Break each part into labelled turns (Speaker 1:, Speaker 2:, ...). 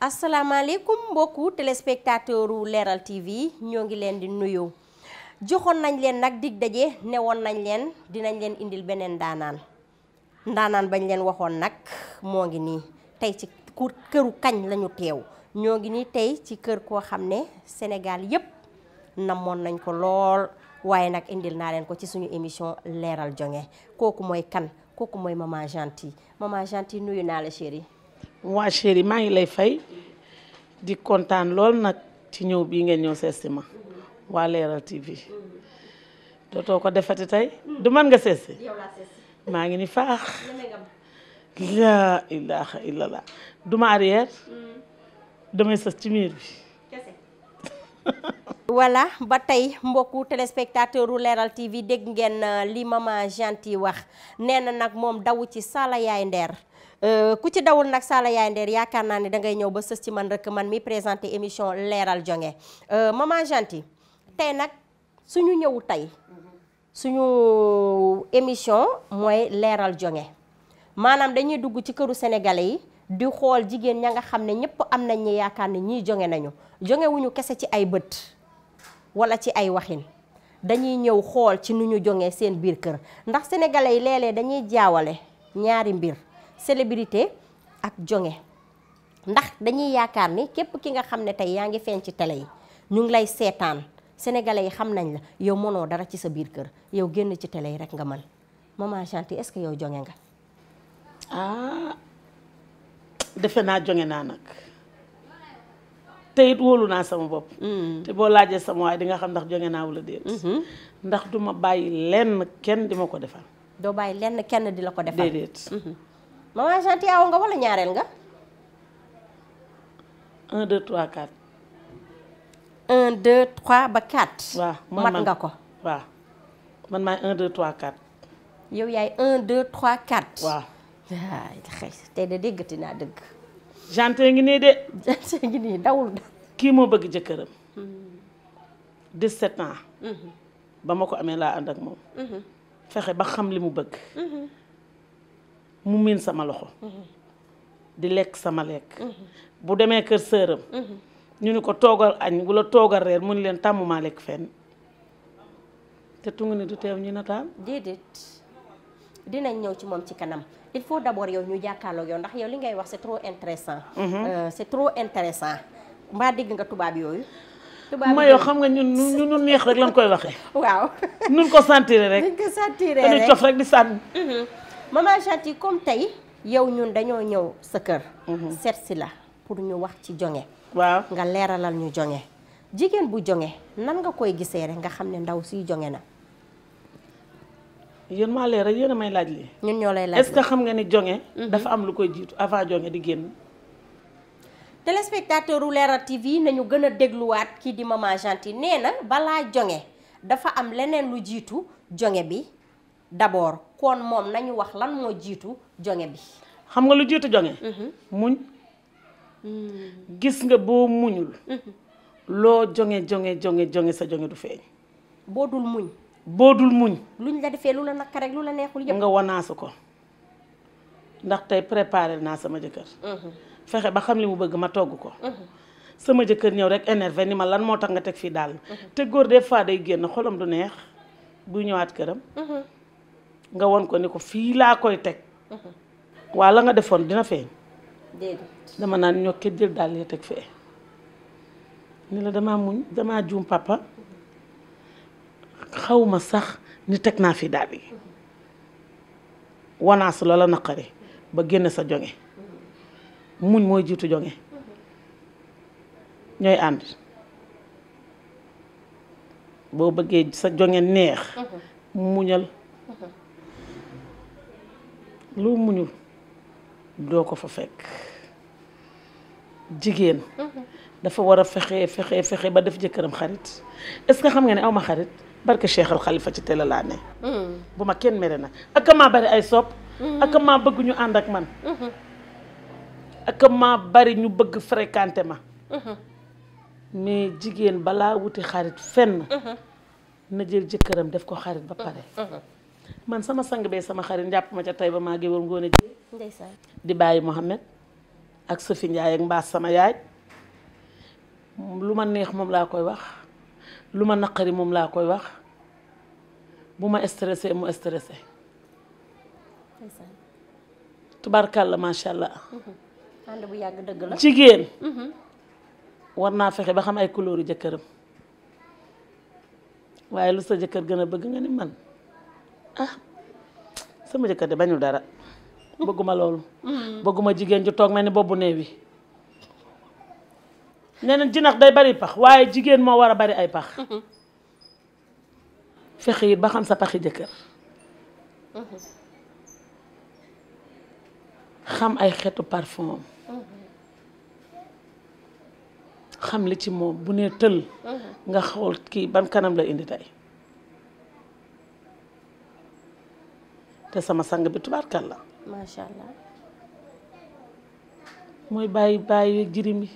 Speaker 1: asalaamaaleykum mbokku téléspectateur u Leral TV ñoo ngi leen di nuyu joxoon nañ leen nag dig daje newoon nañ leen dinañ leen indil beneen ndaanaan ndaanaan bañ leen waxoon nag moo ngi nii tey ci këru kañ lañu teew ñoo ngi nii tey ci kër koo xam ne Sénégal yëpp namoon nañ ko lool waaye nag indil naa leen ko ci suñu émission leeral jonge kooku mooy kan kooku mooy maman Gentille maman Gentille nuyu naa la chérie
Speaker 2: waa chéri maa ngi lay fay di kontaan lool nag ci ñëw bi ngeen ñëw seesi ma waa Leral TV dootoo ko defati tey du man nga seesi maa ngi ni faax laa ilaha illallah
Speaker 1: duma arrière mm. damay sës ci miir bi voilà ba tey mbokku téléspectateur u Leral TV dégg ngeen euh, li maman Gentille wax nee na nag moom daw ci Sala Yaay Nder euh, ku ci dawul nag Sala Yaay Nder yaakaar naa ni da ngay ñëw ba sës ci man rek man mi présenté émission Leral Jongué euh, maman Gentille tey nag suñu ñëw tey suñu émission mooy Leral Jongué maanaam dañuy dugg ci këru sénégalais yi di xool jigéen ña nga xam ne ñëpp am nañ ñi yaakaar ne ñii jonge nañu jonge wuñu kese ci ay bët wala ci ay waxin dañuy ñëw xool ci nu ñu jongee seen biir kër ndax sénégalais yi léeg dañuy jaawale ñaari mbir célébrité ak jonge ndax dañuy yaakaar ni képp ki nga xam ne tey yaa ngi feeñ ci tele yi ñu ngi lay seetaan sénégalais yi xam nañ la yow mënoo dara ci sa biir kër yow génn ci tele yi rek nga mën maman Chanty est-ce que yow jonge nga. Ah,
Speaker 2: defe naa jonge naa nag. te it wóolu naa sama bopp. Mm. te boo laajee sama waay di nga xam ndax jóge naa wala déet. Mm-hmm. ndax du ma bàyyi lenn kenn di ma ko defal.
Speaker 1: doo bàyyi lenn kenn di la ko defal déedéet. Mm-hmm. maman Janté aw nga wala ñaareel nga.
Speaker 2: 1 2 3 4.
Speaker 1: 1 2 3 ba 4. waaw mat nga ko waaw man maay 1 2 3 4. yow yaay 1 2 3 4. waaw. waay xëy tey de déggati naa dëgg. jante ngi nii de. jante ngi nii dawul de. kii moo bëgg jëkkëram. 17 ans. Mhm.
Speaker 2: ba ma ko amee laa ànd ak moom. Mhm. fexe ba xam li mu bëgg. Mhm. mu miin sama loxo. di lekk sama lekk. bu demee kër sëram. ñu ni ko toogal añ wala toogal reer mu ni leen tàmmumaa lekk fenn.
Speaker 1: te tungu ni du teew ñu nataal. déedéet dinañ ñëw ci moom ci kanam. il faut d' abord yow ñu jàkkaarloog yow ndax yow li ngay wax c' est trop intéressant mhm. euh, c' est trop intéressant mbaa dégg nga tubaab yooyu ma yoo xam nga
Speaker 2: ñun ñun ñun neex rek lañ koy waxee. waaw ñun ko sentiré rek.
Speaker 1: ko sentiré rek dañuy cof di sànni. Mhm. maman Chanty comme tey yow ñun dañoo ñëw sa kër. Mhm. seet si la pour ñu wax ci jonge waaw nga leeralal ñu jonge jigéen bu jonge nan nga koy gisee rek nga xam ne ndaw siy jonge na.
Speaker 2: yéen maa leer rek a may laaj lii. ñun ñoo lay laaj est-ce que xam nga ni jonge mm-hmm. dafa am lu koy jiitu avant jonge di
Speaker 1: génn. téléspectateur u Leral TV nañu gën a dégluwaat kii di maman Gentille nee na balaa jonge dafa am leneen lu jiitu jonge bi d'abord kon moom nañu wax lan moo jiitu jonge bi.
Speaker 2: xam nga lu jiitu jonge mm-hmm. muñ.
Speaker 1: Mm-hmm.
Speaker 2: gis nga boo muñul. loo jonge jonge jonge jonge sa jonge du feeñ.
Speaker 1: boo dul muñ.
Speaker 2: boo dul muñ.
Speaker 1: luñ la defee lu la naka rek lu la neexul yëpp.
Speaker 2: nga wanaasu ko ndax tey préparé naa sama jëkkër. Mhm. fexe ba xam li mu bëgg ma togg ko. Mhm. sama jëkkër ñëw rek énervé ni ma lan moo tax nga teg fii daal. Mhm. te góor des fois day génn xolom du neex buy ñëwaat këram. nga won ko ni ko fii laa koy teg. waa la nga defoon dina feeñ. dama naan ñoo jël daal di teg fee. ni la damaa muñ damaa juum papa. xaw ma sax ni teg naa fi daal bi wanaas loola naqari ba génn sa jonge muñ mooy jiitu jonge ñooy ànd boo bëggee sa jonge neex muñal lu muñul doo ko fa fekk jigéen mm-hmm. dafa war a fexe fexe fexe ba def jëkkëram xarit est-ce que xam nga ne awma xarit barke Cheikh Al Khalifa ci télé hmm. bu ma kenn mere nag ak bari ay sopp. Hmm. ak maa bëgg ñu ànd ak man. Hmm. ak maa bari ñu bëgg fréquenté ma. mais jigéen balaa wuti xarit fenn. na jël jëkkëram def ko xarit ba pare. man sama sang bee sama xarit njàpp ma ca tey ba maa géwoon ngoone ji. di bàyyi Mohamed ak Sophie Ndiaye ak Mbaas sama yaay lu ma neex moom laa koy wax. lu ma naqari moom laa koy wax bu ma stressé mu stressé la macha allah.
Speaker 1: Mm-hmm. ànd bu yàgg dëgg la jigéen. Mm-hmm.
Speaker 2: war naa fexe ba xam ay couleur jëkkëram waaye lu sa jëkkër gën a bëgg nga ni man ah sama jëkkër de bañu dara mm-hmm. bëgguma loolu. bëgguma jigéen ju toog mel ni boobu néew yi nee na jinax day bari pax waaye jigéen moo war a bari ay pax. Mhm. fexe it ba xam sa paxi jëkkër. Mhm. xam ay xeetu parfum mhm. xam li ci moom bu ne tël nga xool kii ban kanam la indi tey te sama sang bi tubaarkal la macha mooy bàyyi bàyyi jirim yi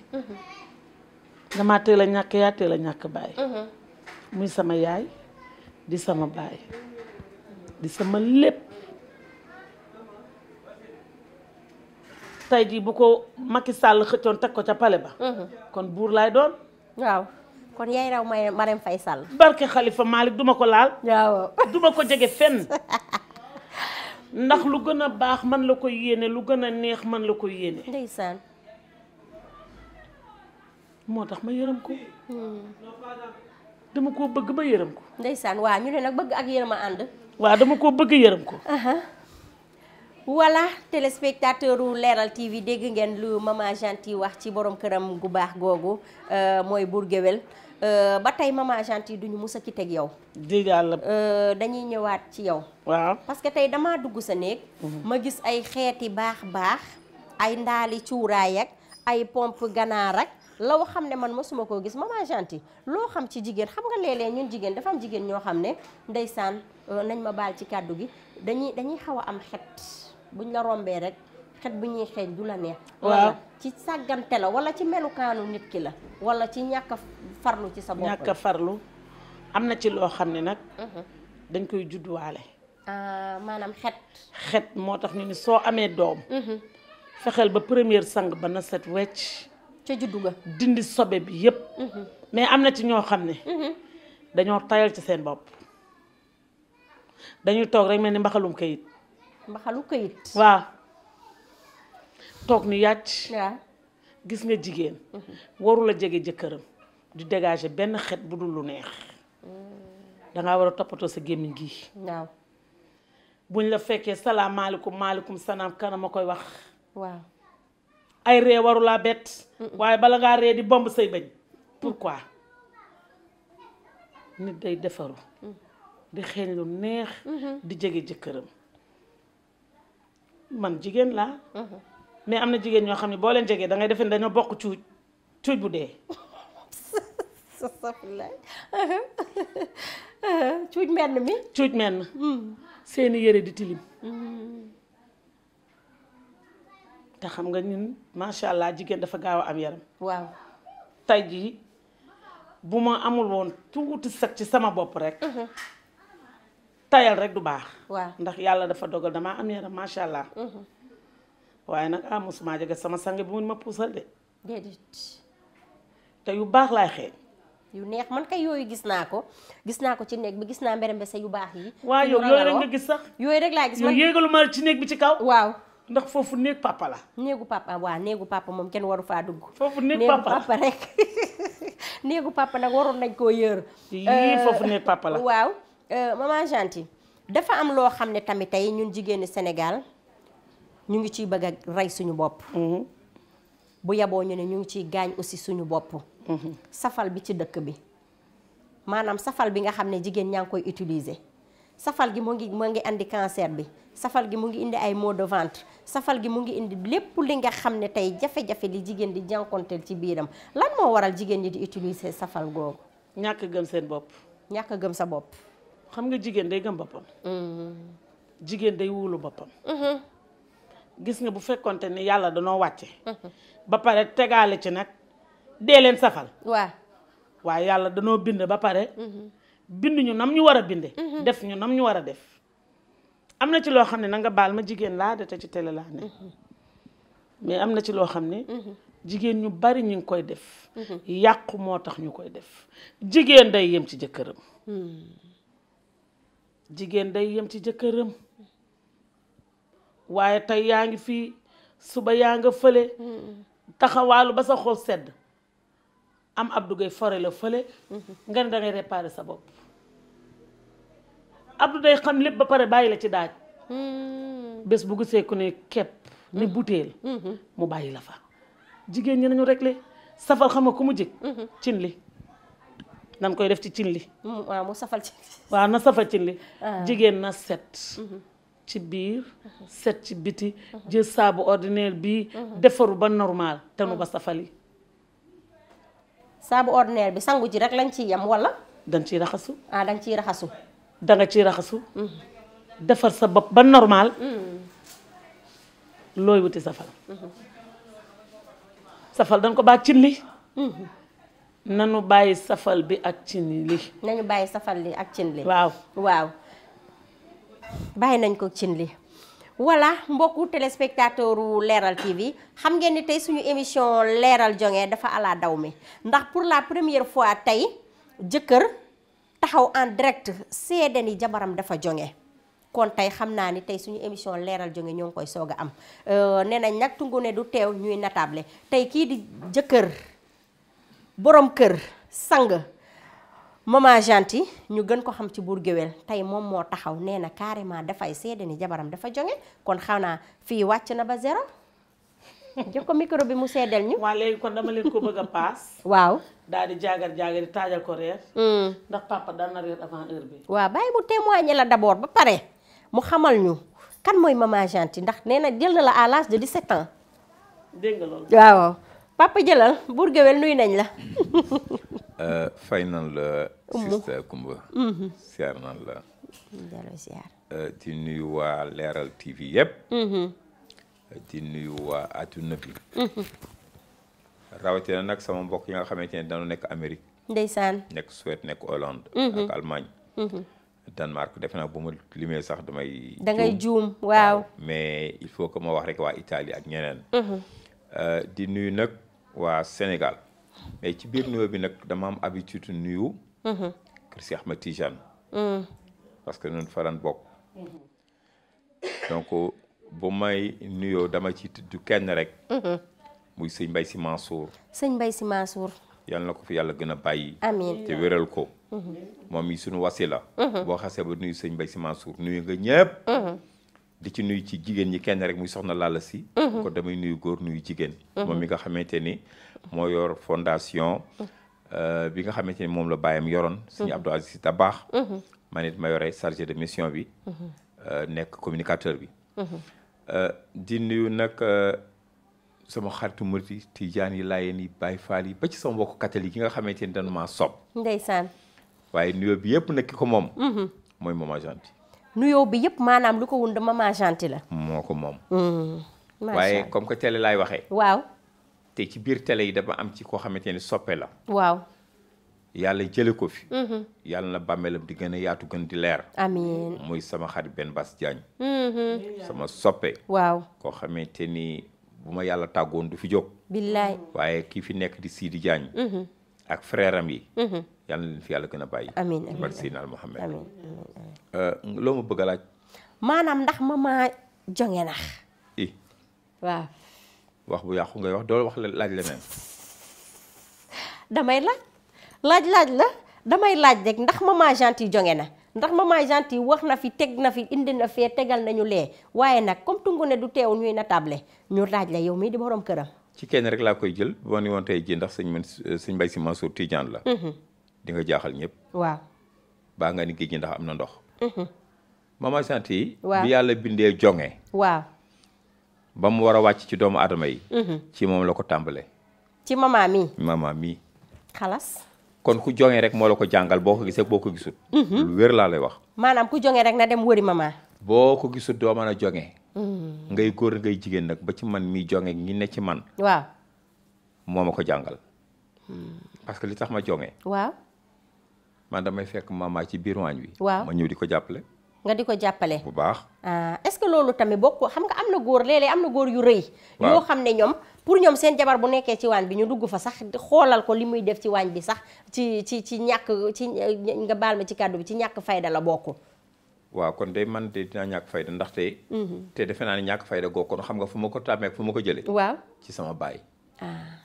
Speaker 2: damaa teel a ñàkk yaa teel a ñàkk baay mm-hmm. muy sama yaay di sama baay di sama lépp tey jii bu ko Macky Sall xëccoon teg ko ca pale ba mm-hmm. kon buur laay doon
Speaker 1: waaw kon yaay raw may Marème Faye Sall
Speaker 2: barke Khalifa Malick duma ko laal waaw duma ko jege fenn ndax lu gën a baax man la ko yéene lu gën a neex man la ko yéene moo tax ma yërëm ko. Hmm. dama koo bëgg ba yërëm ko.
Speaker 1: ndeysaan waa ñu ne nag bëgg ak yërëm a ànd.
Speaker 2: waa dama ko bëgg yërëm ko.
Speaker 1: voilà téléspectateur u Leral TV dégg ngeen lu maman Genty wax ci borom këram gu baax googu euh, mooy Bour Gueweul euh, ba tey maman Genty duñu mus a ki teg yow. dégg la euh, dañuy ñëwaat ci yow. waaw parce que tey dama dugg sa néeg. Mhm. ma gis ay xeeti baax baax ay ndaali cuuraay ak ay pompe ganaar ak. law xam ne man mosuma koo gis ma maman Genty loo xam ci jigéen xam nga léeg ñun jigéen dafa am jigéen ñoo xam ne ndeysaan euh, nañ ma baal ci kàddu gi dañuy dañuy xaw a am xet buñ la rombee rek xet bu ñuy xeeñ du la neex waaw ci sàggante la wala ci melukaanu nit ki la wala ci ñàkk farlu ci sa bopp ñàkk
Speaker 2: farlu am na ci loo xam ne nag mhm. dañ koy judduwaale
Speaker 1: ah, maanaam xet
Speaker 2: xet moo tax ñu ni soo amee doom mhm. fexeel ba première sang ba na set wecc ca juddu ga dindi sobe bi yépp mhm. mais am na ci ñoo xam ne mhm. dañoo tayal ci seen bopp dañuy toog rek mel ni mbaxalum kayit mbaxalu kayit waaw toog ni yàcc gis nga jigéen mhm. warul a jege jëkkëram di dégager benn xet bu dul lu neex mm. dangaa war a toppatoo sa gémmiñ gi waaw buñ la fekkee salaamaaleykum maaleykum salaam kanam a koy wax waaw ay ree waru laa bett waaye bala ngaa ree di bomb say bañ pourquoi nit day defaru mm. di xeeñ neex mm-hmm. di jege jëkkëram man jigéen laa mm-hmm. mais am na jigéen ñoo xam ne boo leen jege dangay ngay defe ne dañoo bokk cuuj cuuj bu dee
Speaker 1: cuuj menn mi cuuj menn mm. seeni yére di tilim mm.
Speaker 2: te xam nga ñun macha allah jigéen dafa gaaw am yaram. waaw tey jii bu ma amul woon tuuti sag ci sama bopp rek. Mhm. tayal rek du baax. waaw ndax yàlla dafa dogal damaa am yaram macha allah. Mhm. waaye nag ah mosuma jege sama sange bu mun ma puusal de. te yu baax laay xeeñ.
Speaker 1: yu neex man kay yooyu gis naa ko gis naa ko ci néeg bi gis naa mbere mbese yu baax yi. waaw yow yooyu rek nga gis sax. yooyu rek laa gis man yéegalu ma ci néeg bi ci kaw. waaw. ndax foofu néeg papa la. néegu papa waa néegu papa moom kenn waru faa dugg. foofu néeg papa néegu papa néegu papa nag waroon nañ koo yër. yii euh, la. waaw euh, maman Gentille dafa am loo xam ne tamit tey ñun jigéenu Sénégal ñu ngi ciy bëgg a rey suñu bopp. Mhm. bu yaboo ñu ne ñu ngi ciy gaañ aussi suñu bopp. Mhm. safal bi ci dëkk bi maanaam safal bi nga xam ne jigéen ñaa ngi koy utiliser. safal gi mu ngi mu ngi andi cancer bi safal gi mu ngi indi ay maux de ventre safal gi mu ngi indi lépp li nga xam ne tey jafe-jafe li jigéen di jànkonteel ci biiram lan moo waral jigéen ñi di utiliser safal googu. ñàkk gëm seen bopp. ñàkk gëm sa bopp. xam nga jigéen day gëm boppam. Mm-hmm.
Speaker 2: jigéen day wóolu boppam. Mm-hmm. gis nga bu fekkonte ne yàlla danoo wàcce. Mm-hmm. ba pare tegaale ci nag dee leen safal. waaw waaye yàlla danoo bind ba pare. bind ñu nam ñu war a binde mhm. def ñu nam ñu war a def am na ci loo xam ne nanga baal ma jigéen laa de te ci télé laa ne mhm. mais am na ci loo xam ne mhm. jigéen ñu bari ñu ngi koy def yàqu moo tax ñu koy def jigéen day yem ci jëkkëram hmm. jigéen day yem ci jëkkëram waaye tey yaa ngi fii suba yaa nga fële hmm. taxawaalu ba sa xol sedd am Abdou Gueye fore la fële mhm. nga ne da ngay sa bopp Abdou day xam lépp ba pare bàyyi la ci daaj hmm. bés bu gisee ku ne kepp ne hmm. butéel hmm. mu bàyyi la fa jigéen ñi nañu réglé safal xam nga ku mu jig cin li nan koy def ci cin li
Speaker 1: waaw mu safal ci cin li ah. jigéen
Speaker 2: na set ci biir set ci biti jël saabu ordinaire bi defaru ba normal te nu ba safali
Speaker 1: saabu ordinaire bi sangu ji rek lañ ciy yem wala.
Speaker 2: dañ ciy raxasu.
Speaker 1: ah dañ ciy raxasu.
Speaker 2: da ciy raxasu. Mm. defar sa bopp ba normal. Mm. looy wuti safal. Mm-hmm. safal dañ ko baax cin li. Mm-hmm. nanu bàyyi safal bi ak
Speaker 1: cin li. nañu bàyyi safal li ak cin li. waaw waaw. bàyyi nañ ko cin li. voilà mbokku téléspectateur wu Leral TV xam ngeen ni tey suñu émission leeral Jonge dafa ala daw mi ndax pour la première fois tey jëkkër taxaw en direct seede ni jabaram dafa jonge kon tey xam naa ni tey suñu émission leeral jonge ñoo ngi koy soog a am euh, nee nañ nag tungu ne du teew ñuy natable tey kii di jëkkër borom kër sang maman Janti ñu gën ko xam ci buur géwél tey moom moo taxaw nee na carrément dafay seede ni jabaram dafa jonge kon xaw naa fii wàcc na ba zéro jox ko micro bi mu seedeel ñu. waaw
Speaker 2: léegi kon dama leen ko bëgg a waaw daal di jaagar jaagar di ko reer. Hmm. ndax papa daan
Speaker 1: waaw bàyyi mu témoigner la d'abord ba pare mu xamal ñu kan mooy maman Janti ndax nee na jël na la à l'âge de 17 ans. dégg nga loolu. waaw papa jëlal buur géwél nuy nañ la.
Speaker 3: Eh, fay nan la. sister Kumba. Mm-hmm. siyaar nan la. jërëjëf eh, nuyu waa Leeral TV yëpp. Mm-hmm. Eh, di nuyu waa adduna bi. Mm-hmm. rawatina nag sama mbokk yi nga xamante ne dañu nekk Amérique. ndeysaan nekk Suède nekk Hollande. ak Allemagne. Danemark defe bu ma limee sax damay. da
Speaker 1: juum waaw.
Speaker 3: mais il faut que ma wax rek waa Italie ak ñeneen. di nuyu nag waa Sénégal. mais ci biir nuyoo bi nag dama am habitude nuyu.
Speaker 1: kër
Speaker 3: si Ahmed Tijane. parce que ñun faran bokk. donc bu may nuyoo dama ci tudd kenn rek. muy sëñ mbay Sy Mansour.
Speaker 1: sëñ Mbaye Sy Mansour.
Speaker 3: yàlla na ko fi yàlla gën a bàyyi. amiin te wéral ko. moom yi suñu wasila la. boo xasee ba nuyu sëñ Mbaye Sy Mansour nuyu nga ñëpp. di ci nuyu ci jigéen ñi kenn rek muy soxna Lalla si. Mhm. ko damay nuyu góor nuyu jigéen. moom mi nga xamante ni. moo yor fondation euh, bi nga xamante ni moom la baayam yoroon suñu mhm. Abdou Aziz Dabakh mhm. man ma yore chargé de mission bi mhm. euh, nekk communicateur bi euh, di nuyu nag sama xaritu mërti tijaan yi laayeen yi baay faal yi ba ci sama yi nga xamante ni dañu maa sob ndeysaan waaye nuyoo bi yëpp nag ki ko moom mooy Mama Genty
Speaker 1: nuyoo bi yëpp maanaam lu ko wund Mama Genty la
Speaker 3: moo ko moom waaye comme que télé laay waxee te ci biir tele yi dama am ci koo xamante ni soppe la. waaw. yàlla jële ko fi. Mm-hmm. yàlla na bàmmeelam di gën a yaatu gën di leer.
Speaker 1: amiin
Speaker 3: muy sama xarit benn Bass Diagne.
Speaker 1: Mm-hmm. sama soppe. waaw
Speaker 3: koo xamante ni bu ma yàlla tàggoon du fi jóg. billaay waaye kii fi nekk di Sidi Diagne. Mm-hmm. ak frère am yi.
Speaker 1: yàlla
Speaker 3: na leen fi yàlla gën a bàyyi. amiin amiin barke euh, ma bëgg a laaj.
Speaker 1: maanaam ndax mama jonge nax. waaw.
Speaker 3: wax bu yàqu ngay wax doo wax laaj leneen.
Speaker 1: damay laaj laaj laaj la damay laaj rek ndax maman Gentil jonge na ndax maman Gentil wax na fi teg na fi indi na fee tegal nañu lee waaye nag comme tungu ne du teew ñuy na table ñu laaj la yow mii di borom këram.
Speaker 3: ci kenn rek laa koy jël boo ni woon tey jii ndax sëñ man sëñ Mbaye Sy Mansour Tidiane la. Mhm. di jaaxal ñépp waaw. baa nga ni géej ndax am na ndox. Mhm. maman Gentil. waaw bi yàlla bindee jonge. waaw. ba mu war a wàcc ci doomu aadama yi. Mhm. ci moom la ko tàmbalee.
Speaker 1: ci mama mi
Speaker 3: mama mi kon ku joŋee rek moo la ko jàngal boo ko gisee boo ko gisul. Mhm. lu laa lay wax.
Speaker 1: maanaam ku joŋee rek na dem wari mama.
Speaker 3: boo ko gisul doo mën a joŋee. Mhm. ngay góor ngay jigéen nag ba ci man mii joŋee ñi ne ci man. waaw moo ma ko jàngal. parce que li tax ma joŋee. waaw man damay fekk mama ci biir waañ wi. waaw ma ñëw di ko jàppale.
Speaker 1: nga di ko jàppale. bu baax ah, est-ce que loolu tamit bokk xam nga am na góor léeg-léeg am na góor yu rëy. yoo xam ne ñoom pour ñoom seen jabar bu nekkee ci waañ bi ñu dugg fa sax xoolal ko li muy def ci waañ bi sax ci ci ci ñàkk ci nga baal ma ci kàddu bi ci ñàkk fayda la bokk.
Speaker 3: waaw kon day man de ñàkk fayda ndaxte. Mhm. te defe naa ne ñàkk fayda googu kon xam nga fu ma ko tàmmee fu ma ko jëlee. waaw ci sama baay. Ah.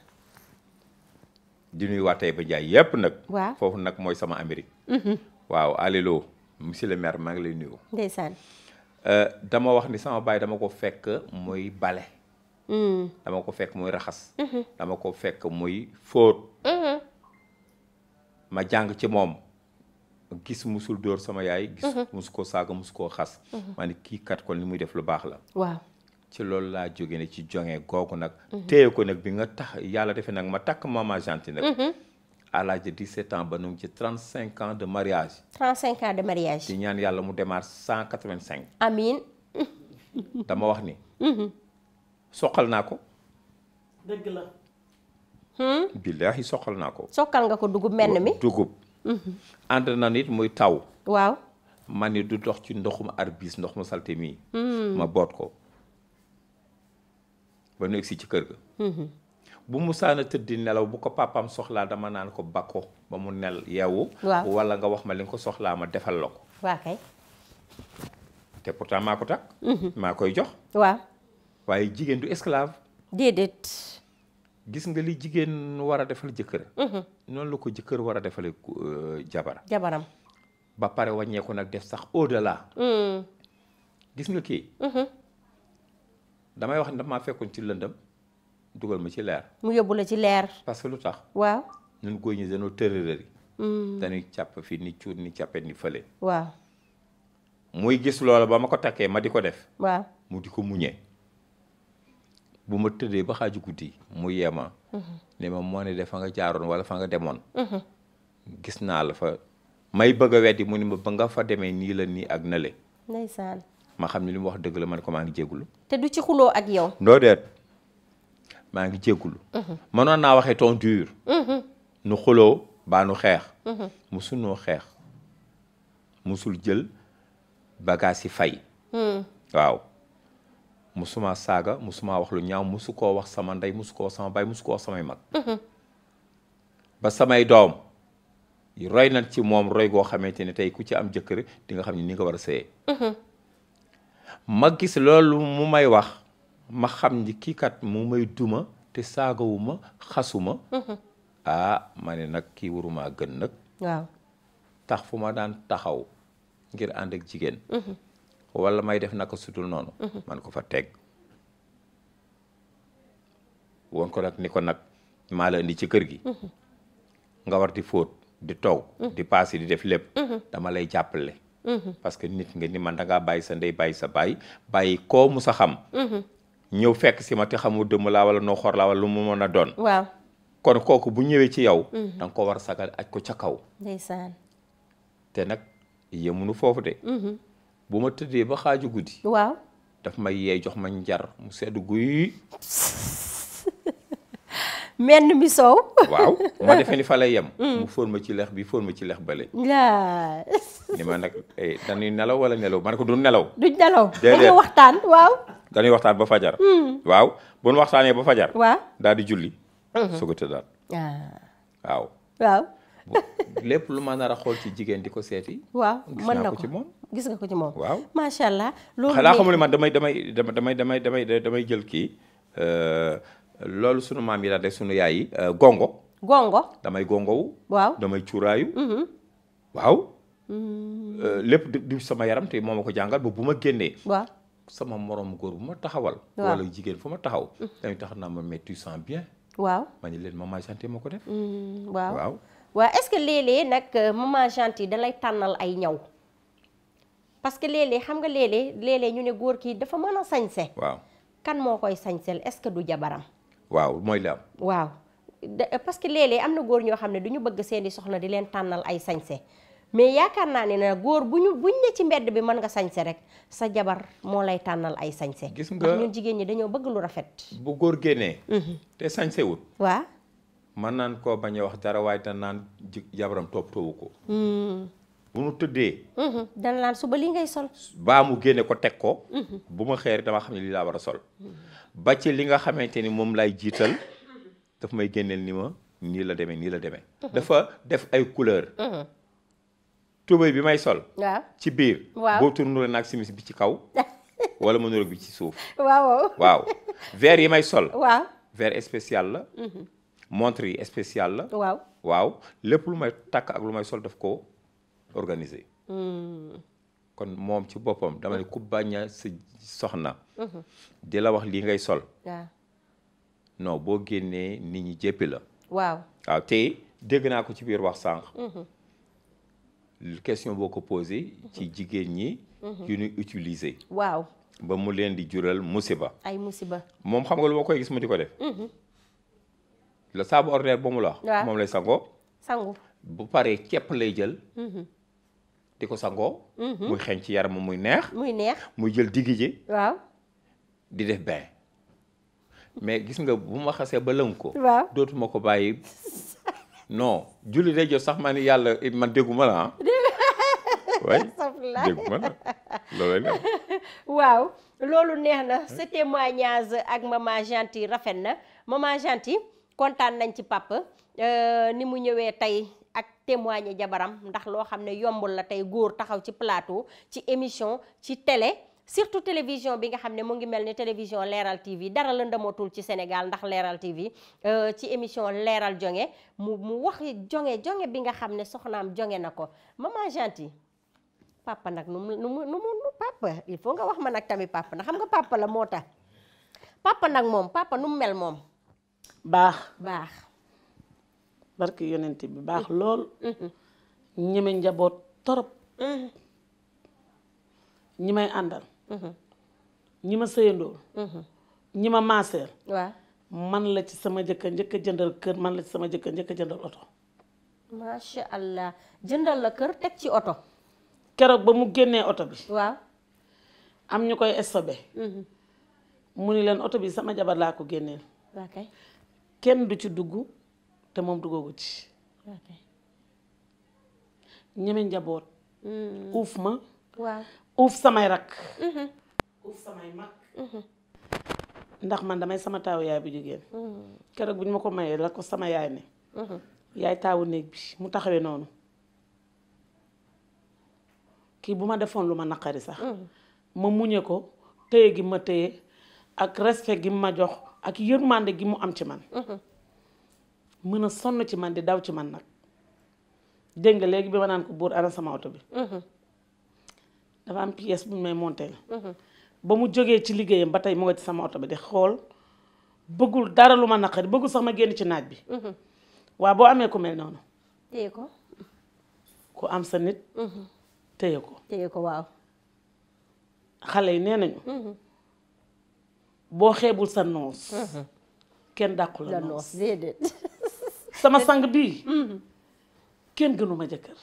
Speaker 3: di nuyu waa Taïba Ndiaye yépp nag. waaw foofu nag mooy sama Amérique. Mhm. waaw alelo. monsieur le maire maa ngi lay nuyu. ndeysaan. Euh, dama wax ni sama baay dama ko fekk muy bale. Hmm. dama ko fekk muy raxas. Mm-hmm. dama ko fekk muy fóot. Mm-hmm. ma jàng ci moom. gis musul dóor sama yaay. gis mm-hmm. musu koo saaga musu koo xas. ma kii kat kon li muy def lu baax la. waaw ci loolu laa jóge ne ci joŋe googu nag. téye ko nag bi nga tax yàlla defee nag ma takk ma gentil nag. à l'âge de 17 ans ba nu ngi ci 35 ans de mariage.
Speaker 1: 35 ans de mariage.
Speaker 3: di ñaan yàlla mu cent démarre 185. amiin. dama wax ni. Mhm. soqal naa ko.
Speaker 1: dëgg la. Hmm?
Speaker 3: billaahi soqal naa ko.
Speaker 1: soqal nga ko dugub menn mi dugub. Mhm.
Speaker 3: ànd na nit muy taw. waaw. ma ni du dox ci ndoxum arbis ndox mu salte mii. Hmm. ma boot ko ba nu egsi ci kër ga. Mhm. bu mu musaana tëddi nelaw bu ko papaam soxlaa dama naan ko bakko ba mu nel yeewu wala nga wax ma li ko soxlaa ma defal la ko waa kay te pourtant maa ko takk mhm. maa koy jox
Speaker 1: waaye
Speaker 3: jigéen du esclave déedéet gis nga li jigéen war a defal jëkkër mhm. noonu la ko jëkkër war a defalee euh, jabar jabaram ba pare wàññeeku nag def sax au
Speaker 1: mm. gis nga kii mhm.
Speaker 3: damay wax ne daf maa fekkoon ci lëndëm dugal ma ci leer.
Speaker 1: mu yóbbu la ci leer. parce que lu tax. waa
Speaker 3: ñun góor ñi dañoo tërërëri. Mm. dañuy càpp fii ni cuur ni càppet ni fële. waa muy gis loola ba ma ko takkee ma di ko def. waaw mu di ko muñee. bu ma tëddee ba xaaju guddi mu yeema. Mm-hmm. ne ma moo ne de fa nga jaaroon wala fa nga demoon.
Speaker 1: Mm-hmm.
Speaker 3: gis naa la fa may bëgg a weddi mu ne ma ba nga fa demee nii la nii ak nale. ma xam ne lu mu wax dëgg la man ko maa ngi jégalu.
Speaker 1: te du ci xuloo ak yow.
Speaker 3: maa ngi jéggulu mhm. mënoon naa waxee ton dur mhm. nu xuloo baa nu xeex mhm. musul noo xeex musul jël bagage yi fay waaw musuma saaga musuma wax lu ñaaw musu koo wax sama ndey musu koo sama baay musu koo wax samay mag ba samay doom roy na ci moom roy goo xamante ne tey ku ci am jëkkër di nga xam ne ni nga war a
Speaker 1: sëyee
Speaker 3: ma gis loolu mu may wax ma xam ni kii kat mu may duma te saagawuma xasuma mhm. ah ma ne nag kii waruma gën nag tax fu ma daan taxaw ngir ànd ak jigéen mhm. wala may def naka sudul noonu mhm. man ko fa teg woon ko nag ni ko nag maa la indi ci kër gi nga war di fóot di toog di paas di def lépp dama lay jàppale parce que nit nga ni man da ngaa bàyyi sa ndey bàyyi sa baay bàyyi koo mu xam ñëw fekk si ma te xamu dëmm laa wala noo xoor laa wala lu mu mën a doon. waaw kon kooku bu ñëwee ci yow. Mm-hmm. da koo war a sagal aj ko ca kaw. te nag yemunu foofu de. Mm-hmm. bu ma tëddee ba xaaju guddi. waaw daf ma yeey jox ma njar mu sedd guy.
Speaker 1: menn mi soow. waaw ma defe ni fa
Speaker 3: lay yem. Mm. mu fóon ma ci lex bi foor ma ci lex bële.
Speaker 1: waaw.
Speaker 3: ni ma nag eh, dañuy nelaw wala nelaw ma ne ko du nelaw. duñ nelaw dañuy
Speaker 1: waxtaan waaw.
Speaker 3: dañuy waxtaan ba fajar. Mm. waaw bu nu waxtaanee ba fajar. waaw daal di julli. Mm-hmm. soog a tëddaat. Ah. waaw. waaw. lépp lu ma nar a xool ci jigéen di ko seeti.
Speaker 1: waaw mën na ko gis nga ko ci moom. waaw macha allah. loolu xanaa xamul man
Speaker 3: damay damay damay damay damay damay jël kii. Euh, loolu sunu maam yi daan def sunu yaay euh, gongo. gongo damay gongowu. waaw damay cuuraayu. Mm-hmm. waaw. Mm-hmm. Euh, lépp di sama yaram te moo ma ko jàngal ba bu ma génnee. waaw sama moroom góor bu ma taxawal. wala jigéen fu ma taxaw. dañu mm. tax naa ma métti sans bien. waaw ma ne leen maman Janté ma ko def.
Speaker 1: Mm-hmm. waaw waaw. waaw est-ce que léeg-léeg nag euh, maman Janté da tànnal ay ñaw. parce que léeg xam nga léeg-léeg ñu ne góor kii dafa man a sañse. waaw kan moo koy sañsel est du jabaram.
Speaker 3: waaw mooy li am.
Speaker 1: waaw parce que léeg am na góor ñoo xam ne du ñu bëgg seeni soxla di leen tànnal ay sañse mais yaakaar naa ne na góor bu ñu buñ ne ci mbedd bi mën nga sañse rek sa jabar moo lay tànnal ay sañse. gis nga ñun jigéen ñi dañoo bëgg lu rafet.
Speaker 3: bu góor génnee. Mhm. te sañse wul. waaw. mën naan koo bañ a wax dara waaye te naan jabaram toppatoo ko. Mm. bu nu tëddee.
Speaker 1: Mhm. dana naan suba li ngay sol.
Speaker 3: baa mu génne ko teg ko. Mhm. bu ma xeer dama xam ne lii laa war a sol. ba ci li nga xamante ni moom laay jiital daf may génne ni ma nii la demee nii la demee. Mhm. dafa def ay couleur tubéy bi may sol. waaw ci biir. waaw boo simis bi ci kaw. wala ma bi ci suuf. waaw waaw. yi may sol. waaw verre la. montre yi spécial la. waaw lépp lu may takk ak lu may sol daf ko. organisé.
Speaker 1: Hmm.
Speaker 3: kon moom ci boppam dama ne ku bañ a soxna. Mhm. di la wax lii ngay sol. no boo génnee nit ñi jéppi la. waaw waaw ah, te dégg naa ko ci biir wax sànq. Mhm. question boo ko posé. ci mhm. jigéen ñi. yu ñuy utiliser. waaw ba mu leen di jural musiba. ay musiba moom xam nga lu ma koy gis mu di ko def. la saabu ordinaire ba mu la. moom lay sango sangu bu paree cepp lay jël. di ko sangoo. Mhm. muy xeeñ ci yaramam muy neex. muy neex muy jël digg ji. waaw di def bain mais gis nga bu ma xasee ba lëng ko. waaw dootuma ko bàyyi non julli day jot sax ma ni yàlla man dégguma ah. la
Speaker 1: waaw loolu neex na ce témoignage ak maman Gentille rafet na maman Gentille kontaan nañ ci papa euh, ni mu ñëwee tey. témoigner jabaram ndax loo xam ne yombul la tey góor taxaw ci plateau ci émission ci télé surtout télévision bi nga xam ne mu ngi mel ni télévision leeral TV dara la ndamatul ci Sénégal ndax leeral TV euh, ci émission leeral jonge mu mu wax jonge jonge bi nga xam ne soxnaam jonge na ko maman Genty papa nag nu mu nu mu nu mu papa il faut nga wax ma nag tamit papa na xam nga papa la moo tax papa nag moom papa nu mu mel moom.
Speaker 2: baax. barki yonent bi baax mm-hmm. lool. Mm-hmm. ñeme njaboot torop. Mm-hmm. ñi may àndal. ñi ma sëyandool. ñi ma maaseel. waaw man la ci sama jëkkër njëkk a jëndal kër man la ci sama jëkkër njëkk a jëndal oto.
Speaker 1: macha allah
Speaker 2: jëndal la kër teg ci oto. keroog ba mu génnee oto bi. waa am ñu koy estobe. mu ni leen oto bi sama jabar laa ko génneel. kenn du ci dugg. te moom duggoogu ci ñeme njaboot
Speaker 1: mm. uuf ma waaw
Speaker 2: uuf samay rakk mm-hmm. uuf samay mag mm-hmm. ndax man damay sama taawu yaay bu jigéen mm-hmm. keroog bu ñu ma ko mayee la ko sama yaay ne yaay taawu néeg bi mu taxawee noonu kii bu ma defoon lu ma naqari sax ma muñe ko téye gi ma téye ak respect gi ma jox ak yërmande gi mu am ci man mën a sonn ci man di daw ci man nag dégg nga léegi bi ma naan ko buur ana sama oto bi. Mhm. dafa am pièce bu ñu may monté. Mhm. ba mu jógee ci liggéeyam ba tey mu nga ci sama oto bi de xool bëggul dara lu ma naqari bëggul sax ma génn ci naaj bi. Mhm. waa boo amee ko mel noonu. téye ku am sa nit. téye ko ko waaw. xale yi nee nañu. boo xeebul sa noos. kenn dàqu noos sama sang bii. Mm-hmm. kenn gënu ma jëkkër.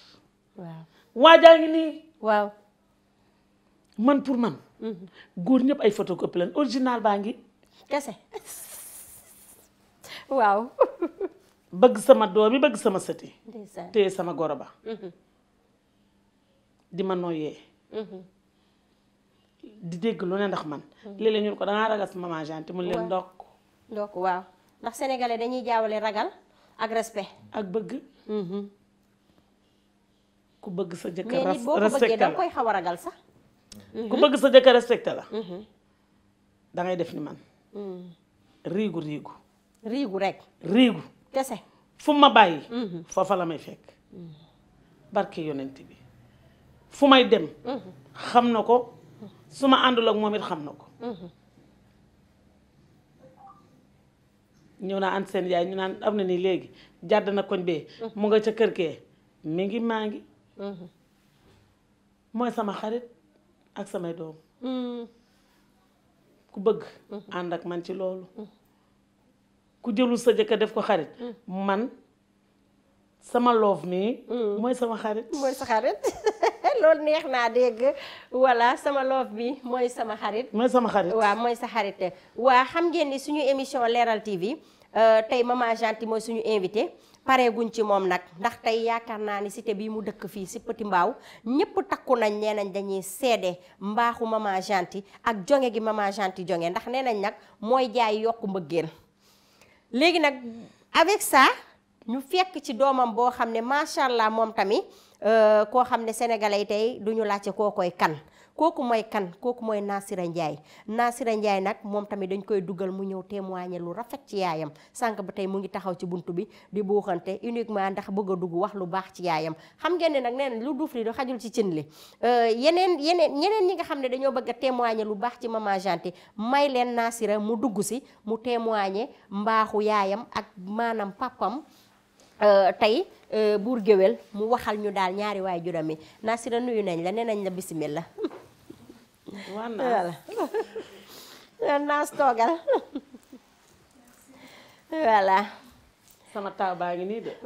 Speaker 2: waaw waajaa ngi nii. waaw. man pour man. Mm-hmm. góor ñépp ay photocopie lañ original baa ngi.
Speaker 1: kese waaw.
Speaker 2: bëgg sama doom yi bëgg sama sëti. téye sama goro ba. Mm-hmm. di ma noyyee. di dégg lu ne ndax man. léeg-léeg ko da ngaa ragal sama maman Jeanne mu leen ndokk.
Speaker 1: ndokk waaw ndax sénégalais dañuy jaawale ragal. ak respect ak bëgg. Mm-hmm. Mm-hmm.
Speaker 2: ku bëgg sa jëkkër. respecté la mais nit sa jëkkër respecté la. da def ni man. Mm. riigu riigu. riigu rek. riigu kese. fu ma bàyyi. Mm-hmm. foofa la may fekk. barke yonent bi fu may dem. xam na ko su ma àndul ak moom it xam na ko. ñëw naa ànd seen yaay ñu naan am na ni léegi jàdd na koñ bee mhm. mu nga ca kër kee mi ngi maa ngi mhm. mooy sama xarit ak samay doom mhm. ku bëgg ànd ak man ci loolu ku jëlul sa jëkkër def ko xarit man sama loof mi. Mm. mooy sama
Speaker 1: xarit. mooy loolu neex naa dégg voilà sama loof bi mooy sama xarit. mooy sama xarit waaw mooy sa xarit. waa xam ngeen ni suñu émission Leral TV euh, tey maman Gentille mooy suñu invité pareeguñ ci moom nag ndax tey yaakaar naa ni cité bii mu dëkk fii si Petit mbaaw ñëpp takku nañ nee dañuy seede mbaaxu mama Gentille ak jonge gi maman Gentille jonge ndax nee nañ nag mooy jaay yokku mbëggeel léegi nag avec ça. ñu fekk ci doomam boo xam ne macha allah moom tamit euh, koo xam ne sénégalais yi tey du ñu laajte koo koy kan kooku mooy kan kooku mooy Nasira Ndiaye Nasira Ndiaye nag moom tamit dañ koy dugal mu ñëw témoigner lu rafet ci yaayam sànq ba tey mu ngi taxaw ci buntu bi di buuxante uniquement ndax bëgg a dugg wax lu baax ci yaayam xam ngeen ne nag lu duuf li du xajul ci cin li euh, yeneen yeneen ñeneen ñi nga xam ne dañoo bëgg a témoigner lu baax ci Mama may leen Nasira mu dugg si mu témoigner mbaaxu yaayam ak maanaam papam Euh, tey euh, buur géwél mu waxal ñu daal ñaari waay juram yi Nasira nuyu nañ la nee nañ la bismillah voilà euh, naas toogal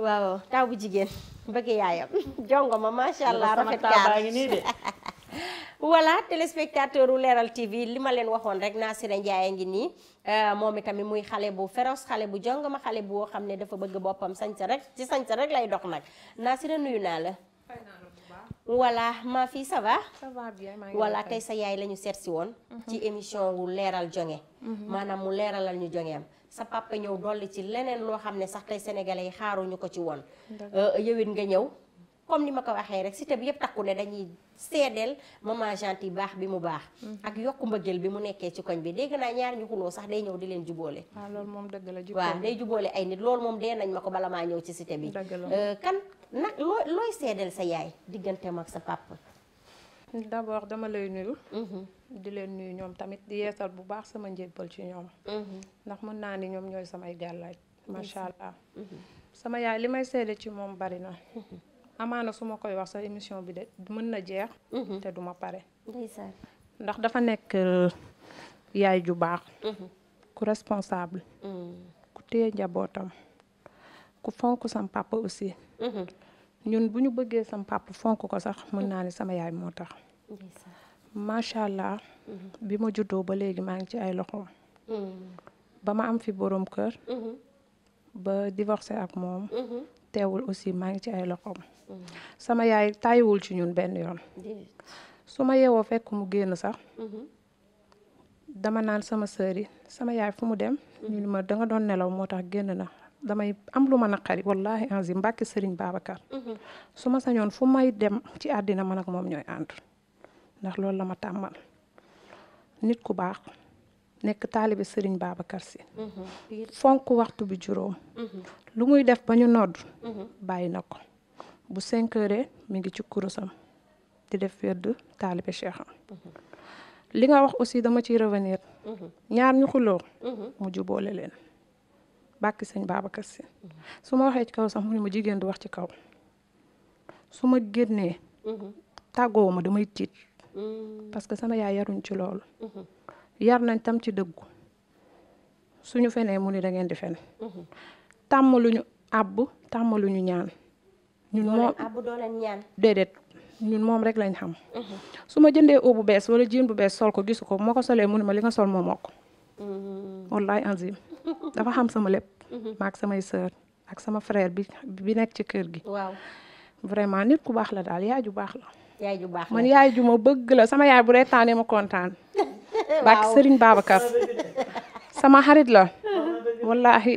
Speaker 1: waaw taw jigéen bëgg yaayam jongo ma masha allah rafet kaar voilà téléspectateur u Leral TV li ma leen waxoon rek Nasira a ngi nii euh, moom itamit muy xale bu féroce xale bu jong xale boo xam ne dafa bëgg boppam sañsa rek ci sañsa rek lay dox nag Nasira nuyu naa la. voilà maa fii ça va.
Speaker 4: ça va bien maa tey sa
Speaker 1: yaay la ñu seet si woon. Mhm. ci émission wu leeral jonge mhm. maanaam mu leeralal ñu jongeem sa papa ñëw dolli ci leneen loo xam ne sax tey sénégalais yi xaaruñu ko ci woon. Euh, yowit nga ñëw. comme ni ma ko waxee rek cité bi yëpp takku ne dañuy ma maman gentille baax bi mu baax. Mhm. ak yokku mbëggeel bi mu nekkee ci koñ bi dégg naa ñaar ñu xuloo sax day ñëw di leen juboole.
Speaker 4: waaw ah, loolu moom dëgg la juboole waaw
Speaker 1: day ay nit loolu moom dee nañ ma ko bala maa ñëw ci cité bi. Euh, kan nag loo looy seedeel sa yaay diggante mag sa papa.
Speaker 4: d'abord dama lay nuyu. Mhm. di leen nuyu ñoom tamit di yeesal bu baax sama njébbal ci ñoom. Mhm. ndax mën naa ni ñoom ñooy samay gàllaaj macha allah. sama yaay li may ci moom bari na. amaana su ma koy wax sa émission bi de mën na jeex. Mhm. te duma ma pare. ndax dafa nekk euh, yaay ju baax. Mhm. ku responsable. Mhm. ku téye njabootam. ku fonk sam aussi. ñun bu ñu bëggee sam fonk ko sax mën naa ne sama yaay moo tax. macha allah. bi ma juddoo ba léegi maa ngi ci ay loxoom. ba ma am fi borom kër. ba divorcé ak moom. teewul aussi maa ngi ci ay loxoom. Mm-hmm. sama yaay tàyyiwul ci ñun benn yoon. su ma yeewoo fekk mu génn sax. Mm-hmm. dama naan sama sœur yi sama yaay fu mu dem. Mm-hmm. ñu ma da doon nelaw moo tax génn na damay am lu ma naqari wallaahi anzim mbàkki sëriñ Babacar. su ma sañoon fu may dem ci àddina ma ak moom ñooy ànd ndax loolu la ma tàmmal nit ku baax. nekk taalibe sëriñ Babacar Si
Speaker 1: mhm.
Speaker 4: fonk waxtu bi juróom mhm. lu muy def ba ñu nodd mhm. bàyyi na ko bu cinq heures mi ngi ci kurosam di def wedd taalibe cheikh li nga wax aussi dama ciy revenir ñaar ñu xuloo mu jubóole leen bàkki sëñ Babacar Si su ma waxee ci kaw sax mu ne ma jigéen du wax ci kaw su ma génnee tàggoowuma damay tiit mm. parce que sama yaay yaruñ ci loolu yar nañ tam ci dëggu suñu fenee mu ni dangeen ngeen di fen mhm. tàmm lu ñu àbb tàmm lu ñu ñaan ñun moom àbb doo ñun moom rek lañ xam mhm. su ma jëndee eau bu bees wala jiin bu bees sol ko gisu ko moo ko solee mu ne ma li nga sol moo mokk mhm. wallaay anzim dafa xam sama lépp maak samay sœur ak sama frère bi bi nekk ci kër gi waaw vraiment nit ku baax la daal yaay ju baax la
Speaker 1: yaay ju baax man yaay
Speaker 4: ju ma bëgg la sama yaay bu reetaanee ma kontaan bàkk sëriñ Babacar sama xarit la wallaahi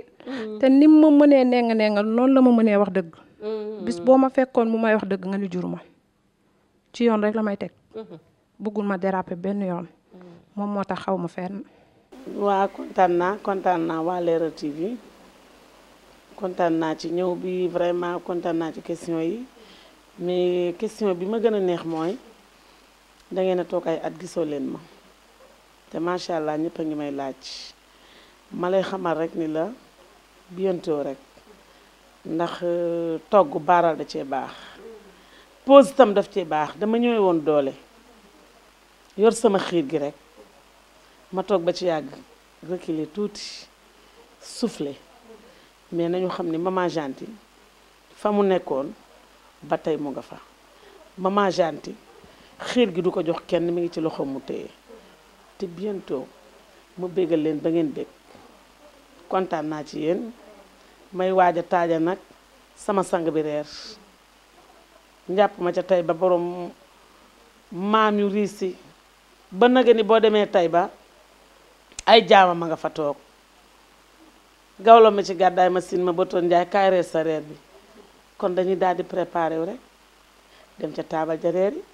Speaker 4: te ni ma mënee nenga nenga noonu la ma mënee wax dëgg mm-hmm. bis boo ma fekkoon mu may wax dëgg nga ni juruma ci yoon rek la may teg mm-hmm. bëggul ma déraper benn yoon mm-hmm. moom moo tax xaw ma fenn
Speaker 2: waa kontaan naa kontaan naa waa Leral TV kontaan naa ci ñëw bi vraiment kontaan naa ci question yi mais question bi ma gën a neex mooy dangeen ngeen a toog at gisoo leen ma te macha allah ñëpp a ngi may laaj ma lay xamal rek ni la bientôt rek ndax euh, togg baaral da cee baax pause tam daf cee baax dama ñëwee woon doole yor sama xiir gi rek ma toog ba ci yàgg reculer tuuti souffler mais nañu xam ni maman Janti fa mu nekkoon ba tey mu nga fa maman Janti xiir gi du ko jox kenn mu ngi ci loxo mu téye te bientôt mu bégal leen ba ngeen bég kontaan naa ci yéen may waaja taaja nag sama sang bi reer njàpp ma ca tey ba boroom maam yu riisi ba naga ni boo demee tey ba ay jaamam a nga fa toog gawlo ma ci gàddaay ma sin ma botoon njaay kaay reer sa reer bi kon dañuy daal di préparé wu rek dem ca taabal ja reer yi